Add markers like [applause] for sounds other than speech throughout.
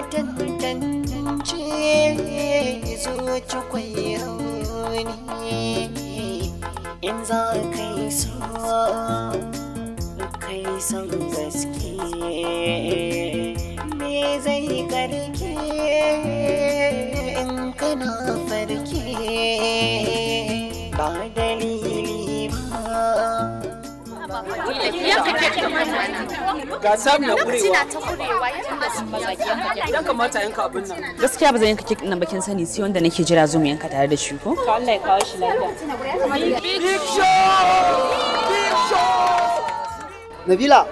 tantance zuci kwai rauni in za ka yi so ka yi son gaske me zai karke in kana farke ba ga samu na kurewa dan kamata yanka abin nan gaskiya ba zan yanka kek nan bakin sani sai wanda nake jira zo mu yanka tare da shi ko to Allah ya kawo shi lafiya big Nabila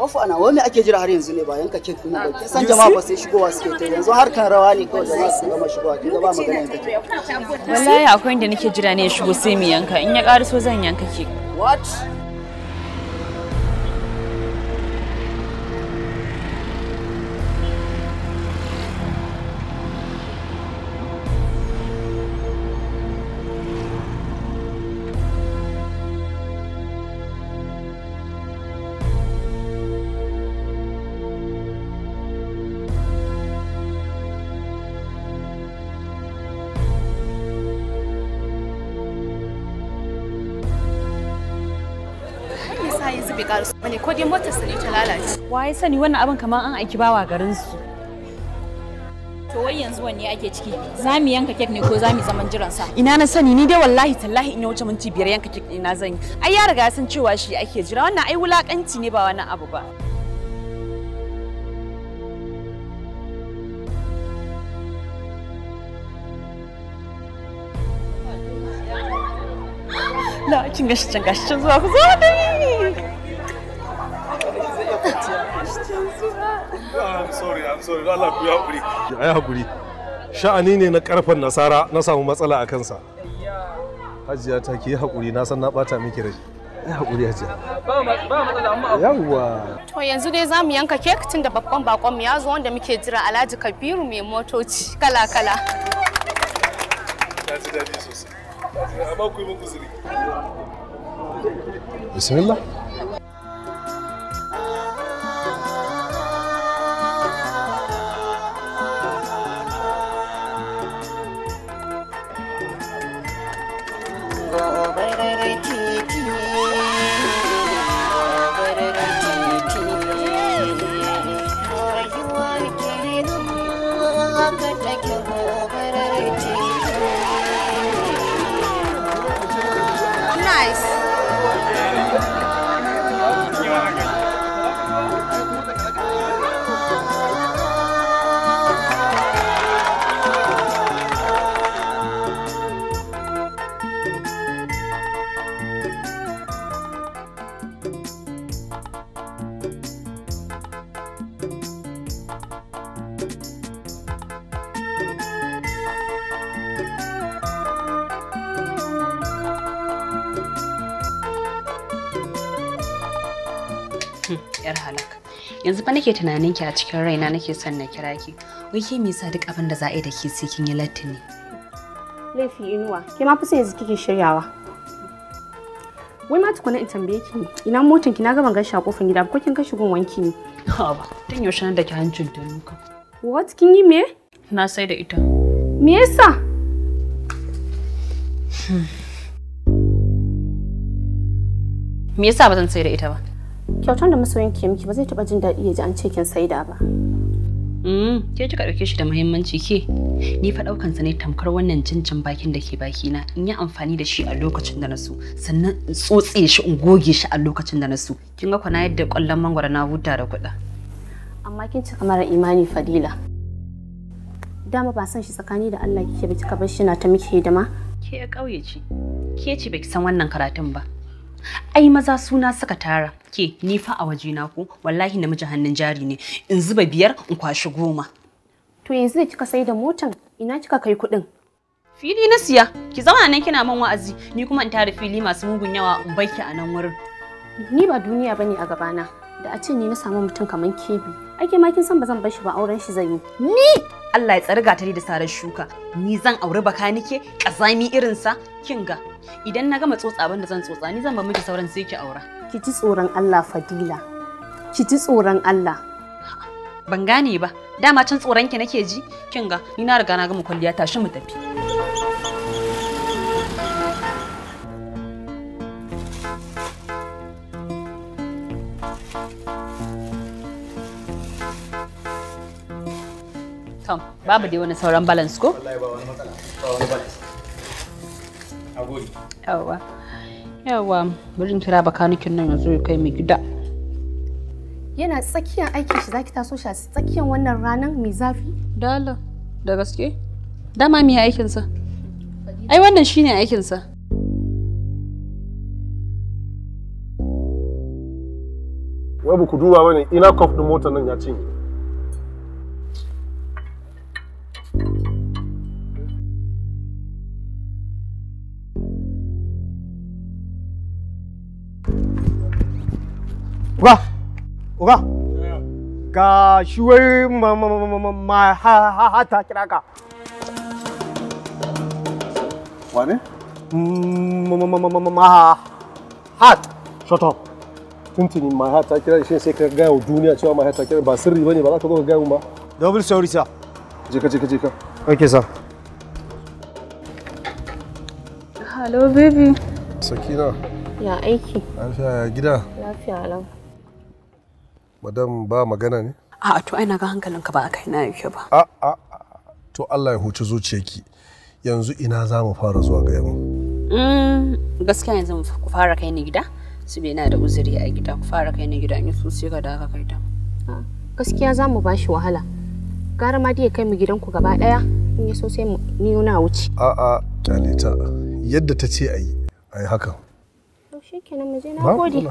Ofu ana wai me ake jira har yanzu ne ba yanka kek din ba kin san jama'a ba sai shigowa suke ta yanzu har kan rawa ne kawai jama'a su gama shigowa kin ga ba magana yanka kek wallahi akwai inda nake jira ne ya shigo sai mu yanka in ya ƙara zan yanka kek what ƙara su bane ko dai motar sa ne ta lalace waye sani wannan abin kamar an aiki bawa garin su to wai yanzu wanne ake ciki za mu yanka kek ne ko za mu zaman jiran sa ina na sani ni dai wallahi tallahi in ya wuce minti biyar yanka kek ina zan yi ai ya riga san cewa shi ake jira wannan ai wulakanci ne ba wani abu ba Na, cin gashi cin gashi cin zuwa ku zo da I'm sorry, I'm sorry. Allah ku Sha'ani ne na ƙarfen nasara na samu matsala a kansa. Hajiya ta hajiya. matsala amma Yawwa. To yanzu dai za mu yanka kek tun da babban bakon mu ya zo wanda muke jira Alhaji Kabiru mai motoci kala kala. [laughs] yar halak yanzu fa nake tunanin ki a cikin raina nake son na kira ki wai ke me yasa duk abin da za a yi da ke sai kin yi latti ne laifi inuwa ke ma fusa yanzu kike shiryawa wai ma tukuna in tambaye ki ina motan ki na ga ban a kofin gida ko kin kashi gun wanki ne ha ba tun yaushe nan da ki hancin ta nuka what kin yi me na sai da ita me yasa hmm. me yasa ba zan sai da ita ba kyautar da masoyin ke miki ba zai taba jin daɗi ya ji an ce kin saida ba Mm, ke kika ɗauke shi da muhimmanci ke ni fa ɗaukan sa ne tamkar wannan jinjin bakin da ke baki na in yi amfani da shi a lokacin da na so sannan in tsotse shi in goge shi a lokacin da na so kin ga kwana yadda ƙwallon mangwara na huta da kuɗa amma kin cika mara imani fadila dama ba san shi tsakani da Allah kike ba kika bar shi na ta miki hidima ke ya ƙauye ce ke ce baki san wannan karatun ba ai maza suna suka tara ke ni fa a waje na ko wallahi namiji hannun jari ne in zuba biyar in kwashi goma to yanzu da kika sai da motan ina kika kai kuɗin fili na siya ki zama nan kina man wa'azi ni kuma in tara fili masu mugun yawa in baki a nan wurin ni ba duniya bane a gabana da a ce ni na samu mutum kamar kebi ake ma kin san ba zan bar shi ba auren shi zan yi ni Allah ya tsari gatari da sarar shuka ni zan auri bakanike kazami irinsa ga idan na gama tsotsa abin da zan tsotsa ni zan ba miki sauran sai ki aura ki ji tsoron Allah Fadila ki ji tsoron Allah ban gane ba dama can tsoron ki nake ji kin ga ni na riga na gama kwalliya tashi mu tafi Tom, babu dai wani sauran balance ko? Wallahi ba wani matsala, ba wani balance. gode yawa yawa bari in kira bakanikin nan yanzu ya kai mai gida yana tsakiyar aikin shi zaki taso shi a tsakiyar wannan ranar mai zafi dala da gaske dama me aikinsa ai wannan shine aikinsa wai ba ku duba bane ina kof din motar nan ya cinye Uga! Uga! Ga shi ma ma ha ta kira ka. Wane? Ma ha. Shut up. Tuntuni ma ha ta kira shi sai ka gaya wa duniya cewa ma ha ta kira ba sirri bane ba za ka zo ka gaya mu ba. Double sorry sir. Je ka je ka je ka. Okay sir. Hello baby. Sakina. Ya aiki. Lafiya ya gida. Lafiya lau. madam ba magana ne a'a to ai na ga hankalinka ba a kai na yake ba a'a to Allah ya huci zuciyarki yanzu ina za mu fara zuwa ga yamma gaskiya yanzu ku fara kai ni gida su bai na da uzuri a gida ku fara kai ni gida in su sai ka da ka kai ta gaskiya za mu ba shi wahala gara ma dai kai mu ku gaba daya in ya so sai mu ni na wuce a'a a ta yadda ta ce ayi ayi hakan to kenan mu je na gode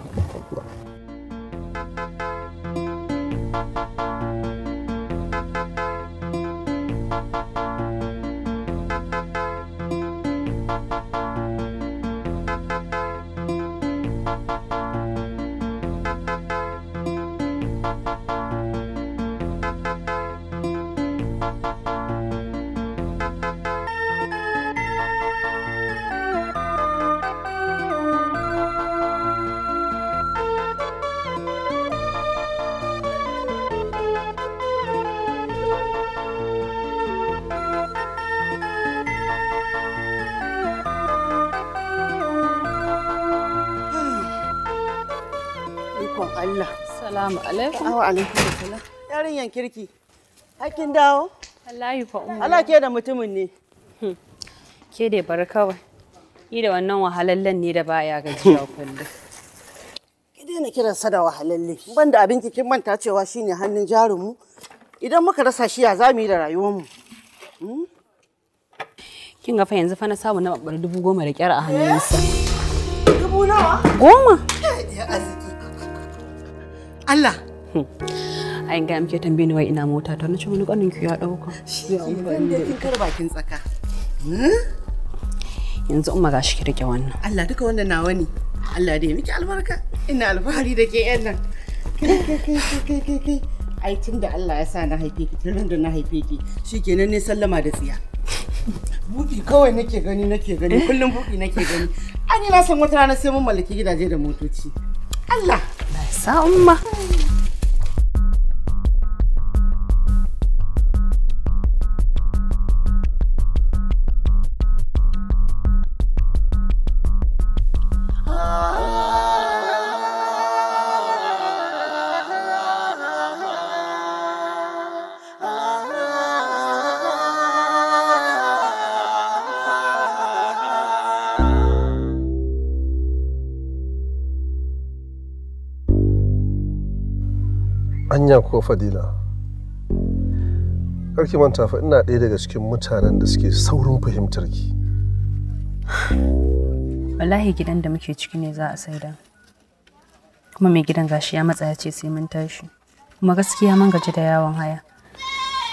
alaikum. Wa alaikum Yarinyan kirki. Hakin dawo? Wallahi fa umma. Allah ke da mutumin ne. Hmm. Ke dai bar kawai. Ni da wannan wahalallen ne da baya gajiya kullum. Ki daina kiran sa da wahalalle. Ban da abin kin manta cewa shine hannun jarumu. Idan muka rasa shi ya zamu yi da mu. Hmm? Kin ga fa yanzu fa na samu na babbar dubu goma da kyar a hannunsa. Eh, dubu nawa? Goma. Ya arziki. Allah hmm. a yin gaya muke ni wai ina mota ta nace wani ƙwanin ki ya ɗauka shi ne kar bakin tsaka hmm? yanzu umma gashi ki rike wannan Allah duka wanda nawa ne Allah dai miki albarka ina alfahari da ke yan nan ai tun da Allah ya sa na haife ki tun da na haife ki Shi kenan ne sallama da tsiya buki kawai nake gani nake gani kullum buki nake gani an yi na san wata rana sai mun mallaki gidaje da motoci Allah さあ、おま。anya ko fadila karki manta fa ina ɗaya daga cikin mutanen da suke saurin fahimtar ki wallahi gidan da muke ciki ne za a saida kuma mai gidan gashi ya matsa ya ce sai mun tashi kuma gaskiya mun gaji da yawon haya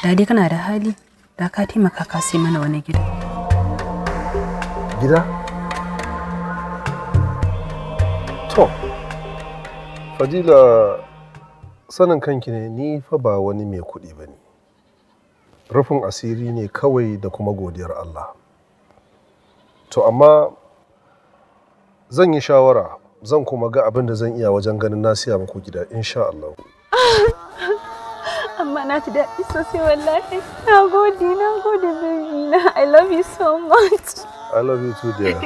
da dai kana da hali da ka taimaka ka sai mana wani gida gida to fadila sanin kanki ne ni fa ba wani mai kuɗi ba ne rufin asiri ne kawai da kuma godiyar Allah to amma zan yi shawara zan kuma ga abin da zan iya wajen ganin na siya muku gida insha Allah [laughs] amma na ji daɗi sosai wallahi na gode na gode baby na I love you so much I love you too dear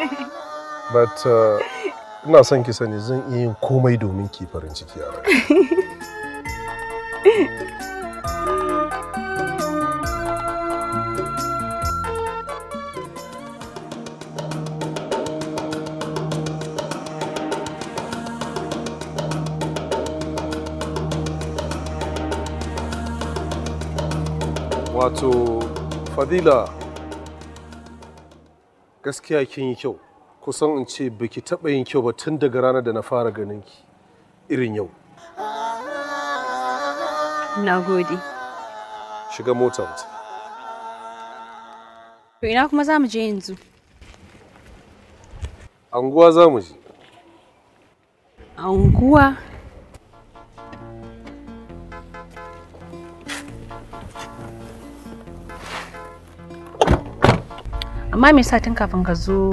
but uh, ina son ki sani zan iya yin komai domin ki farin ciki a [laughs] wato fadila gaskiya kin yi kyau kusan in ce biki taɓa yin kyau ba tun daga ranar da na fara ganin ki irin yau Na gode. Shiga mota wata. To ina kuma za mu je yanzu? Anguwa za mu je. Anguwa? Amma me yasa tun kafin ka zo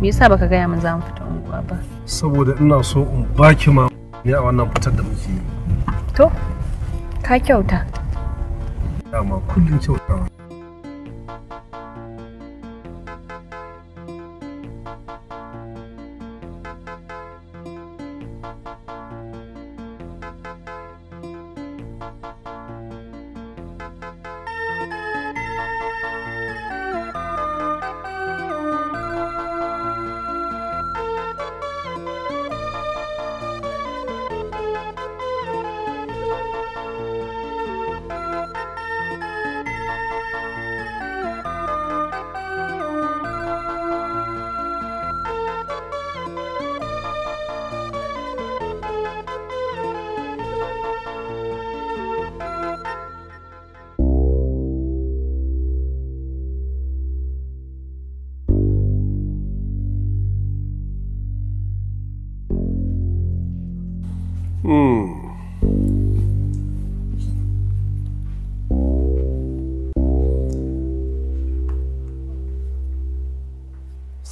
me yasa baka gaya min za mu fita unguwa ba? Saboda ina so in baki ma ne a wannan fitar da ka kyauta ma kullum kyautawa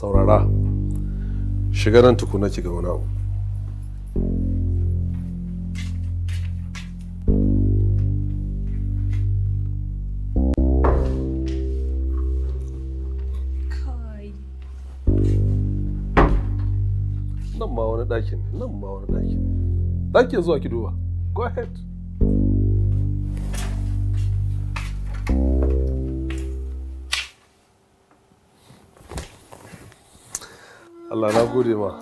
saurara shiga nan tukuna ki ga wani abu nan ma wani ɗakin nan ma wani ɗakin ɗakin zuwa ki duba go ahead Allah na gode ma.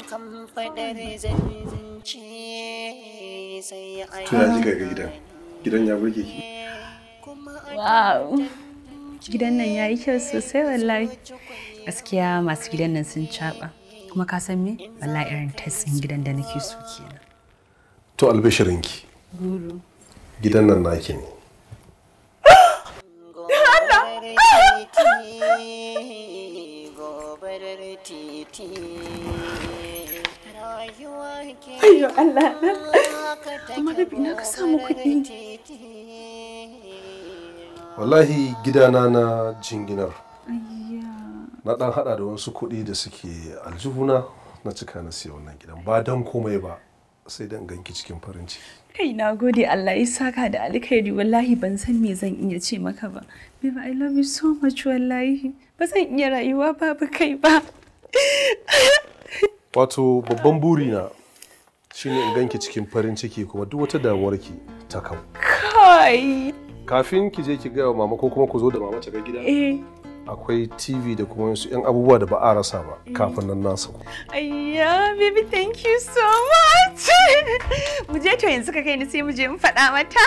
Tuna ji ga gidan. Gidan ya burge ki. Wow. Gidan nan ya yi kyau sosai wallahi. Gaskiya masu gidan nan sun caɓa. Kuma ka san me? Wallahi irin tatsin gidan da nake so kenan. To albishirinki. Gidan nan naki ne. [gasps] Allah! [gasps] [laughs] gabar titi rayuwa ke Allah kuma na ka samu kuɗi wallahi gidana na jinginar na ɗan haɗa da wasu kuɗi da suke aljihuna na cika na siya wannan gidan ba Dan komai ba sai dan ganki cikin farin ciki Kai na gode Allah ya saka da alkhairi wallahi ban san me zan iya ce maka ba. I love you so much wallahi. Ba zan iya rayuwa babu kai ba. [laughs] Wato babban burina shine in ganki cikin farin ciki kuma duk wata damuwarki ta kawo Kai. Kafin ki je ki gaya mama ko kuma ku zo da mama ta ga gida. Eh. akwai tv da kuma wasu 'yan abubuwa da ba a rasa ba eh. kafin nan nasa ayya baby thank you so much [laughs] mu je to yanzu ka kai ni sai mu je mu faɗa mata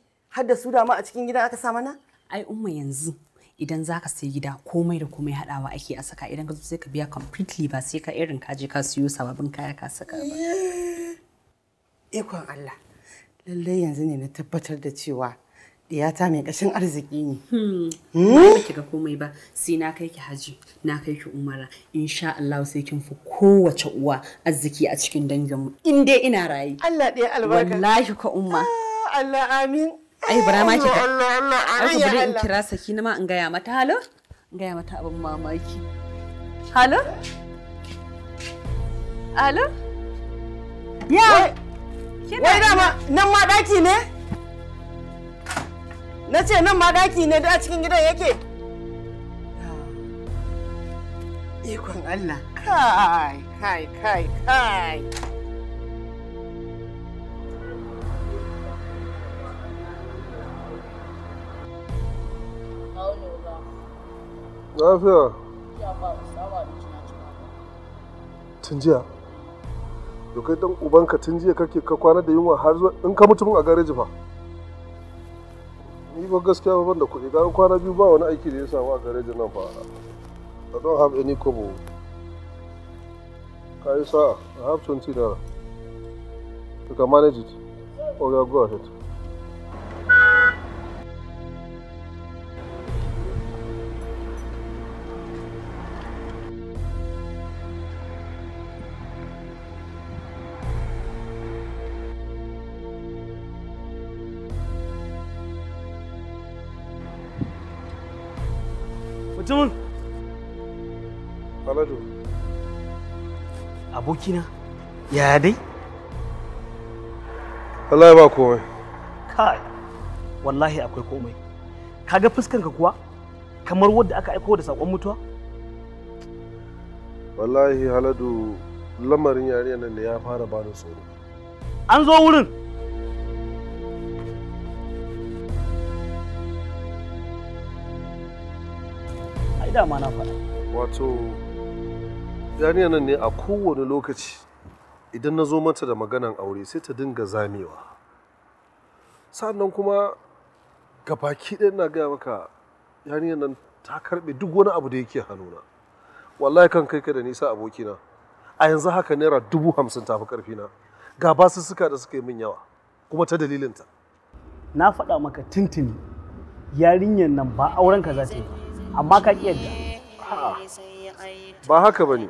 har da su dama a cikin gidan aka sa mana ai umma yanzu idan zaka sai gida komai da komai haɗawa ake a saka idan ka zo sai ka biya completely ba sai ka irin ka je ka siyo sababbin kaya ka saka ba ikon Allah lallai yanzu ne na tabbatar da cewa diyata mai kashin arziki ne. Hmm. Hmm? Ba ki ga komai ba, sai na kai ki haji, na kai ki umara, insha Allah sai kin fi kowace uwa arziki a cikin danginmu. In dai ina raye. Allah ɗaya albarka. Wallahi ka umma. Ah, Allah amin. ai bara ma ki Allah Allah ai bari in kira saki na ma in gaya mata halo in gaya mata abin mamaki halo halo ya wai dama nan ma daki ne na ce nan ma daki ne da cikin gidan yake ah. ikon Allah kai kai kai kai Lafiya. Tun jiya. da kai dan ubanka tun jiya kake ka kwana da yunwa har in ka mutu a gareji fa. Ni ba gaskiya ba da kuɗi gara kwana biyu ba wani aiki da ya samu a garejin nan fa. I don't have any kobo. Ka yi sa'a I have 20 naira. You can manage it. Oh yeah, go ahead. abokina ya dai wallahi ba komai kai wallahi akwai komai kaga fuskarka kuwa kamar wadda aka aiko da sakon mutuwa wallahi haladu lamarin yariya nan da ya fara da tsoro an zo wurin ai dama na faɗa wato yariya nan ne a kowane lokaci idan na zo mata da maganan aure sai ta dinga zamewa sannan kuma ga baki ɗaya na gaya maka yarinyar nan ta karɓe duk wani abu da yake hannuna wallahi kan kai ka da nisa abokina a yanzu haka naira dubu hamsin tafi ƙarfina ga suka da suka yi min yawa kuma ta dalilinta na faɗa maka tintini yarinyar nan ba auren ka za ta yi amma ka ƙiyar da ba haka ba ne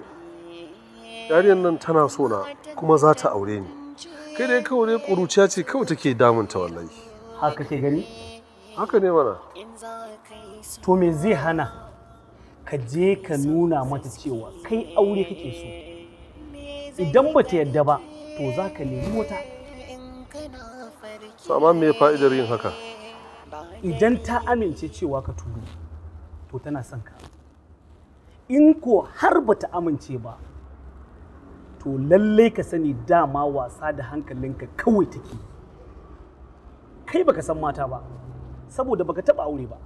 yariyar nan tana so na kuma za ta aure ni kai dai kawai dai ƙuruciya ce kawai take damunta wallahi haka ke gani haka ne mana to me zai hana ka je ka nuna mata cewa kai aure kake so idan ba ta yadda ba to za ka nemi wata amma me fa'idar yin haka idan ta amince cewa ka turo to tana son ka in ko har ba ta amince ba to lallai ka sani dama wasa da hankalinka kawai take kai baka san mata ba saboda baka taba aure ba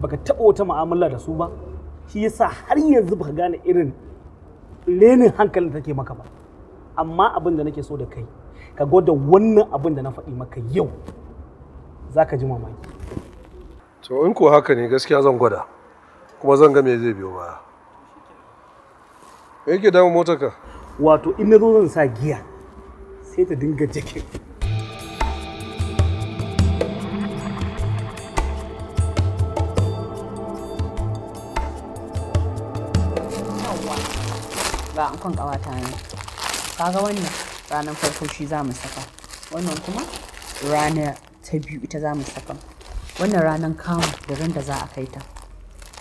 baka taba wata mu'amala da su ba shi yasa har yanzu baka gane irin renin hankalin take maka ba amma abin da nake so da kai ka gwada wannan abin da na faɗi maka yau za ka ji mamaki to in ko haka ne gaskiya zan gwada kuma zan ga me zai biyo baya me yake damun motarka wato in na zo zan sa giya sai ta dinga jikin ga ankon kawata ne kaga wannan ranar farko shi za mu saka wannan kuma rana ta biyu ita za mu saka wannan ranar kamu da ran da za a kai ta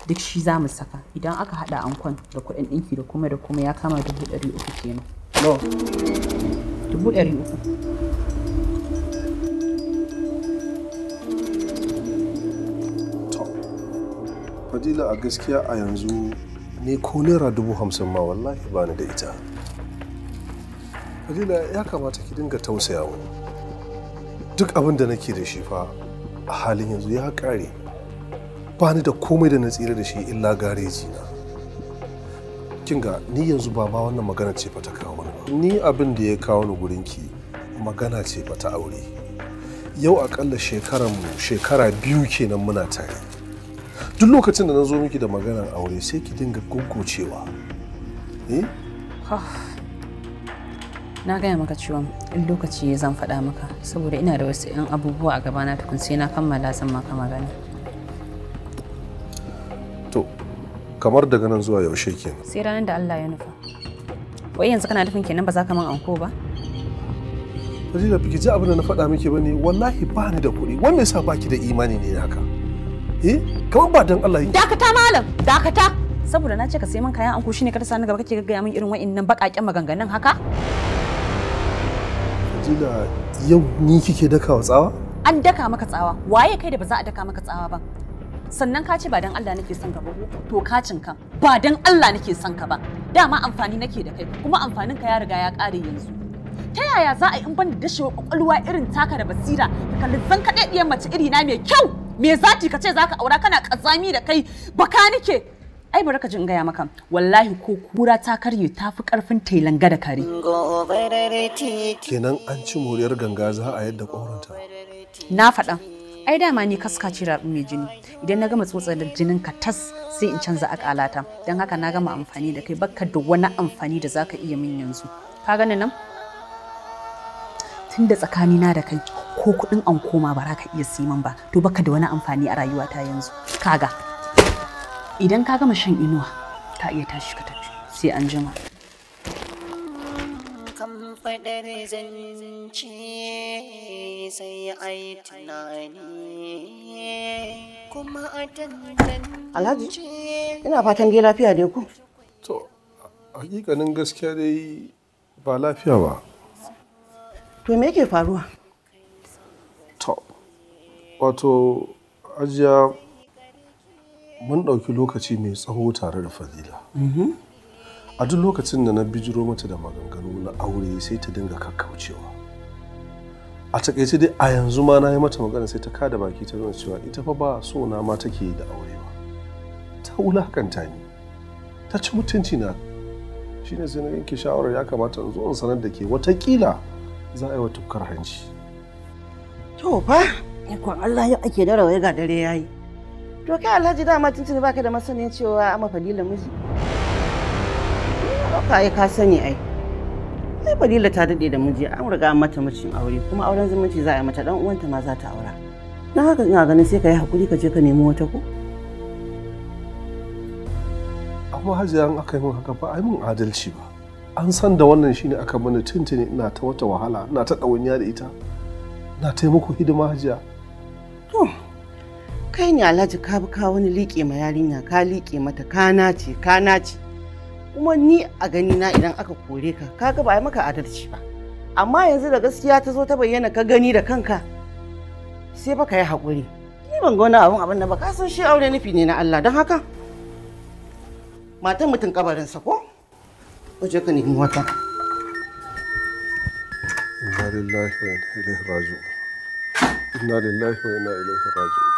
duk shi za mu saka idan aka haɗa ankon da kuɗin ɗinki da kuma da kuma ya kama dubu ɗari uku kenan no dubu ɗari uku fadila a gaskiya a yanzu ne ko naira dubu hamsin ma wallahi ba ni da ita fadila ya kamata ki dinga tausaya mu duk abin da nake da shi fa a halin yanzu ya kare. ba ni da komai da na tsira da shi illa gareji na kin ga ni yanzu ba wannan magana ce fa ta kawo ni ni abin da ya kawo ni gurin ki magana ce fa ta aure yau akalla shekaran mu shekara biyu kenan muna tare duk lokacin da na zo miki da maganar aure sai ki dinga gunkocewa eh na gaya maka cewa in lokaci ya zan faɗa maka saboda ina da wasu 'yan abubuwa a gabana tukun sai na kammala zan maka magana kamar daga nan zuwa yaushe kenan sai ranar da Allah ya nufa wai yanzu kana nufin kenan ba za ka man anko ba Fadila biki ji abin da na faɗa miki bane wallahi ba ni da kuɗi wanda yasa baki da imani ne haka eh kamar ba dan Allah dakata malam dakata saboda na ce ka sai min kayan anko shine ka ta sani gaba kake gaggaya min irin wa'annan baƙaƙen maganganun haka Fadila yau ni kike dakawa tsawa an daka maka tsawa waye kai da ba za a daka maka tsawa ba sannan ka ce ba dan Allah nake son ka ba to ka cinka ba dan Allah nake son ka ba dama amfani nake da kai kuma amfanin ka ya riga ya kare yanzu ta yaya za a yi in ban da dashewa kwakwalwa irin taka da basira ka kalli zan mace iri na mai kyau me zati ka ce zaka aura kana kazami da kai baka nike ai bari ka ji gaya maka wallahi ko kura ta karye ta fi karfin tailanga da kare kenan an ci moriyar ganga za a yadda kwaranta na faɗa ai dama ni kaska ce rabu mai jini idan na gama tsotsar da jinin ka tas sai in canza akalata don haka na gama amfani da kai bakka da wani amfani da zaka iya min yanzu ka gani nan tunda da na da kai ko kudin an koma ba ka iya siman ba to baka da wani amfani a rayuwata yanzu kaga idan ka gama shan inuwa ka iya tashi ka tafi sai an jima faɗar zance sai a yi tunani kuma a tantance. Alhaji, ina fatan dai lafiya dai ku. To, hakikanin gaskiya dai ba lafiya ba. To me yake faruwa? To, wato ajiya mun ɗauki lokaci mai tsawo tare da fadila. Mm-hmm. a duk lokacin da na bijiro mata da maganganu na aure sai ta dinga kakkaucewa a takaice dai a yanzu ma na yi mata magana sai ta kada baki ta nuna cewa ita fa ba so na ma take da aure ba ta wulakanta ni ta ci mutunci na shine sai na yanke shawarar ya kamata in zo in sanar da ke watakila za a yi wa tukkar hanci to fa ikon Allah ya ake da rawaya ga dare yayi to kai Alhaji da ma tuntuni baka da masaniya cewa amma fadilan miji Ka yi ka sani ai. Sai Fadila ta daɗe da miji an riga mata mijin aure kuma auren zumunci za a yi mata ɗan uwanta ma za ta aura. Na haka ina ganin sai ka yi hakuri ka je ka nemi wata ko? Amma hajiya an aka yi min haka ba yi min adalci ba. An san da wannan shine aka mana tuntuni ina ta wata wahala ina ta ɗawainiya da ita. Na taimako hidima hajiya. To, kai ne Alhaji ka bi ka wani liƙe ma yarinya ka liƙe mata ka nace ka nace. kuma ni a gani na idan aka kore ka kaga ba ai maka adalci ba amma yanzu da gaskiya ta zo ta bayyana ka gani da kanka sai baka yi haƙuri ni ban ga wani abun abin da ba ka san shi aure nufi ne na Allah don haka matan mutum sa ko waje ka nemi wata inna lillahi wa inna ilaihi raji'un inna lillahi wa inna ilaihi raji'un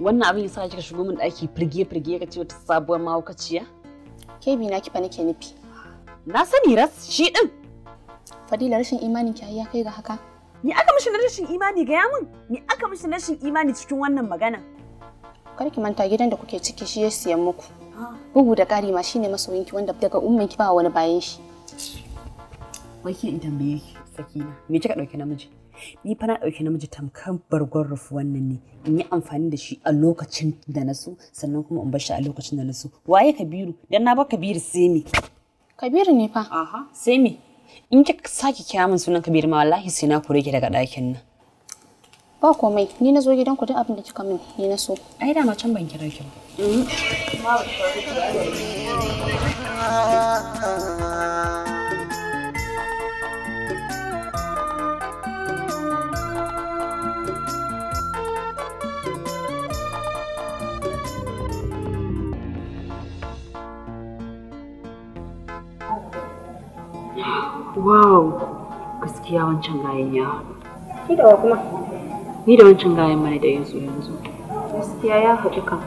wannan abin yasa kika shigo min daki firge firge ka ce wata sabuwar mahaukaciya ke bi na kifa nake nufi na sani ras shi din fadila rashin imanin ki ya kai ga haka ni aka mishi rashin imani ga yamin ni aka mishi rashin imani cikin wannan magana kar ki manta gidan da kuke ciki shi ya siyan muku ah. bugu da ƙari ma shine masoyinki wanda daga umman ki ba wani bayan shi wai ke in tambaye ki sakina me kika dauke namiji ni fa na ɗauki namiji tamkar bargon rufu wannan ne in yi amfani da shi a lokacin da na so sannan kuma in bar shi a lokacin da na so waye kabiru dan na ba kabiru sai me kabiru ne fa aha sai me in ki saki kira min sunan kabiru ma wallahi sai na kore ki daga ɗakin nan ba komai ni na zo gidan ku duk abin da kika min ni na so ai da ma can ban kira ki ba mm-hmm. Wow! Gaskiya wancan gayen ya haɗu. Ki da wa kuma? Ni da wancan gayen mana da yanzu yanzu. Gaskiya ya haɗu kan.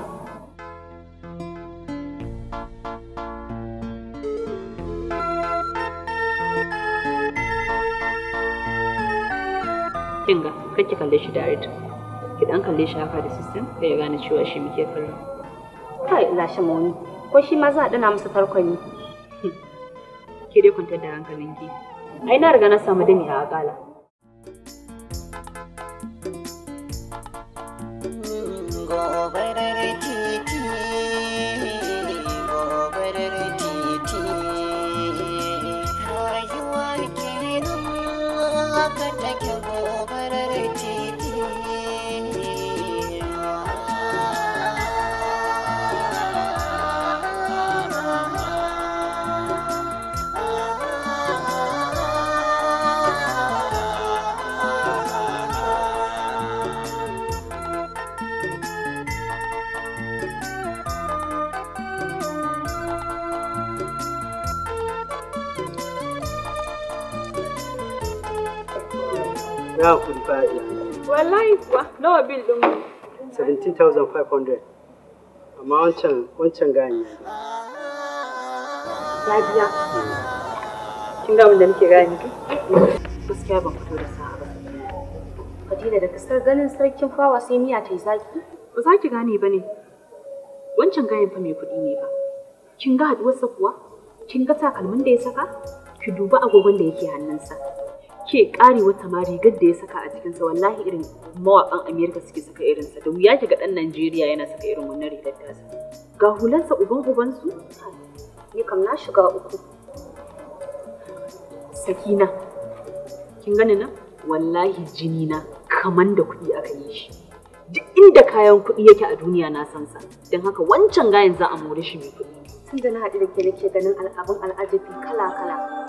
Kinga, kai ki kalle shi direct. Ki dan kalle shi haka da system, kai ya gane cewa shi muke kallo. Kai ina shi wani, Ko shi ma za a dana masa tarkon ne. ke dai kwantar da hankalinki ai na riga na samu dani a akala Nawa bil ɗin mu? 17,500. Amma wancan wancan gani. Ya biya. Kin ga da nake gani ki? Gaskiya ban fito da sa'a ba. Fadila da kaskar ganin sarkin fawa sai miya ta yi zaki. Ba za ki gane ba ne. Wancan gayen fa mai kuɗi ne ba. Kin ga haɗuwarsa kuwa? Kin ga takalmin da ya saka? Ki duba agogon da yake hannunsa. ke kare wata ma rigar da ya saka a cikinsa. wallahi irin mawaƙan amerika suke saka irinsa da wuya ke ga ɗan najeriya yana saka irin wannan rigar ga hulansa uban ubansu ni kam na shiga uku sakina kin gani nan wallahi jini na kaman da kuɗi aka yi shi duk inda kayan kuɗi yake a duniya na sansa. sa don haka wancan gayan za a more shi mai kuɗi na haɗu da ke nake ganin al'abun al'ajabi kala kala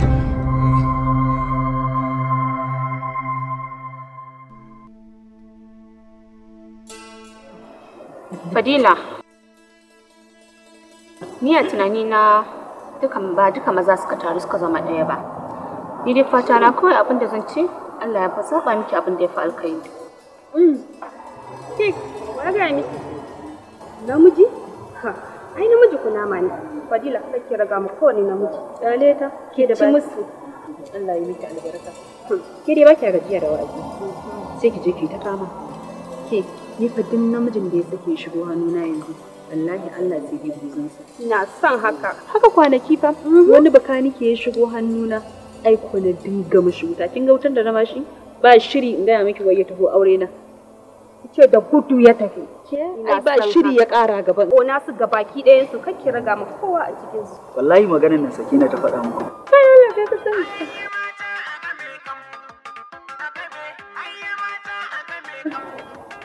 Fadila, ni a tunani na duka ba duka maza suka taru suka zama ɗaya ba. Ni dai fata na kawai abin da zan ci, Allah ya fasaba miki abin da ya fi alkai. Mm. Ke, wa ga ni. Namiji? Ha, ai namiji kuna ma ne. Fadila, kake raga mu kowane namiji. Daleta, ke da ba. musu. Allah ya miki albarka. Hmm, ke dai ba ki gajiya da wa'azi. Sai ki je ki ta kama. Ke, ni fa duk namijin da ya sake shigo hannuna yanzu wallahi Allah zai yi buzansa ina son haka haka kwanaki fa mhm. wani baka nike ya shigo hannuna ai ko na dinga mishi wuta kin ga wutar da na bashi? ba shiri in gaya miki wai ya taho aure na ce da gudu ya tafi ai ba shiri ya kara gaban ko nasu gabaki ɗayan su kake raga ma kowa a cikin su wallahi maganar na sakina ta faɗa muku kai Allah ka sani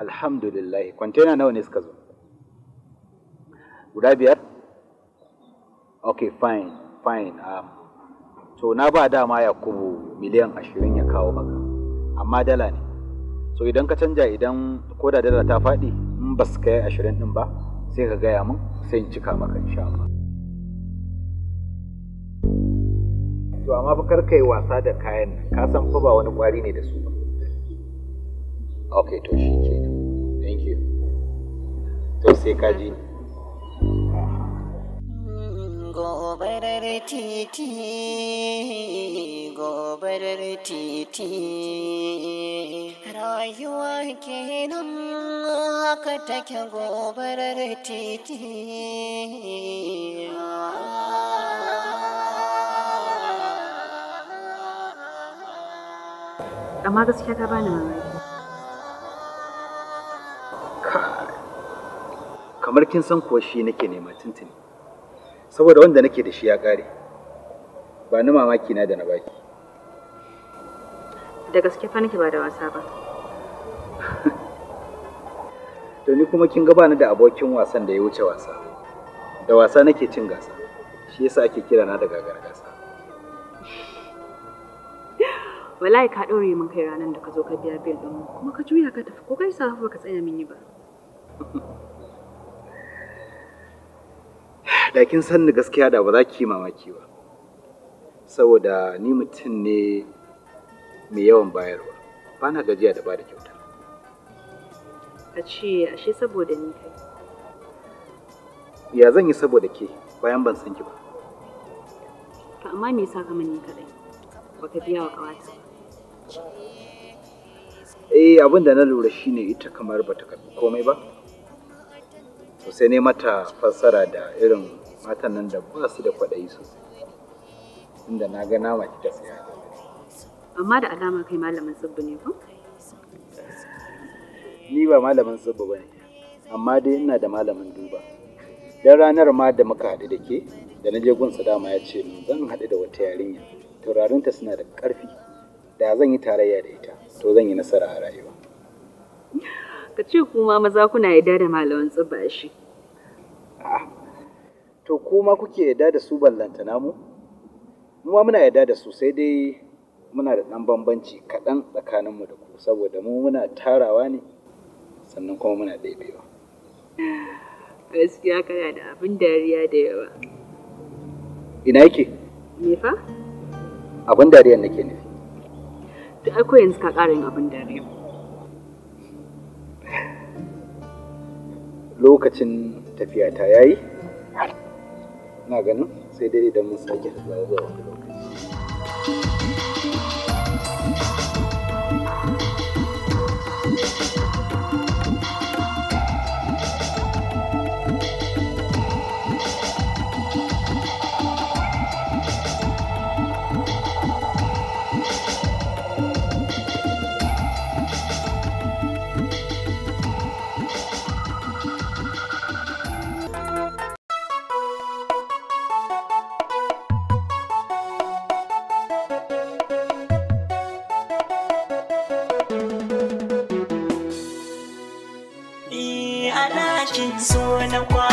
alhamdulillah kwantena nawa ne suka zo guda biyar ok fine fine um, to na ba dama ya kubu miliyan ashirin ya kawo maka amma dala ne so idan ka canja idan ko da dala ta faɗi in ba su kai ashirin ɗin ba sai ka gaya min sai in cika maka insha Allah to amma fa kai wasa da kayan ka san fa ba wani kwari ne da su ba ok to shi ke thank you to sai ka ji gobarar titi gobarar titi rayuwa kenan haka take gobarar titi amma gaskiya ta bani mamaki kamar kin san kuwa shi nake nema tuntuni saboda wanda nake da shi ya kare, ba ni mamaki na da na baki da gaske fa nake ba da wasa ba [laughs] to ni kuma kin gabani da abokin wasan da ya wuce wasa da wasa nake cin gasa shi yasa ake kira na da gagar gasa [laughs] wallahi ka dore min kai ranar da ka zo ka biya bill din kuma ka juya ka tafi ko kai sa ba ka tsaya mini yi ba [laughs] da kin san ni gaskiya da ba za ki mamaki ba saboda ni mutum ne mai yawan bayarwa ba na gajiya da ba da kyauta a ce ashe saboda ni kai ya zan yi saboda ke bayan ban san ki ba to amma me yasa ka mani kadai baka biya wa kawata eh abin da na lura shine ita kamar bata karbi komai ba to sai ne mata fassara da irin matan nan da ba su da kwaɗayi su inda na ga nama ta saya amma da alama kai malamin tsibbi ne ko ni ba malamin tsibbi ba ne amma dai ina da malamin duba dan ranar ma da muka haɗu da ke da na je gunsa dama ya ce min zan haɗu da wata yarinya taurarinta suna da ƙarfi da zan yi tarayya da ita to zan yi nasara a rayuwa ka ce kuma maza kuna yadda da malaman shi. To kuma kuke yadda da su ballanta namu? Mu muna yadda da su sai dai muna da ɗan bambanci kaɗan tsakaninmu da ku saboda mu muna tarawa ne sannan kuma muna ɗaiɗewa. Gaskiya kana da abin dariya da yawa. Ina yake? Me fa? Abin dariya nake nufi. To akwai yanzu ka ƙara yin abin dariya. lokacin tafiyata ya yi na ganin sai dai idan mun sake zuwa wani lokaci zo na kwa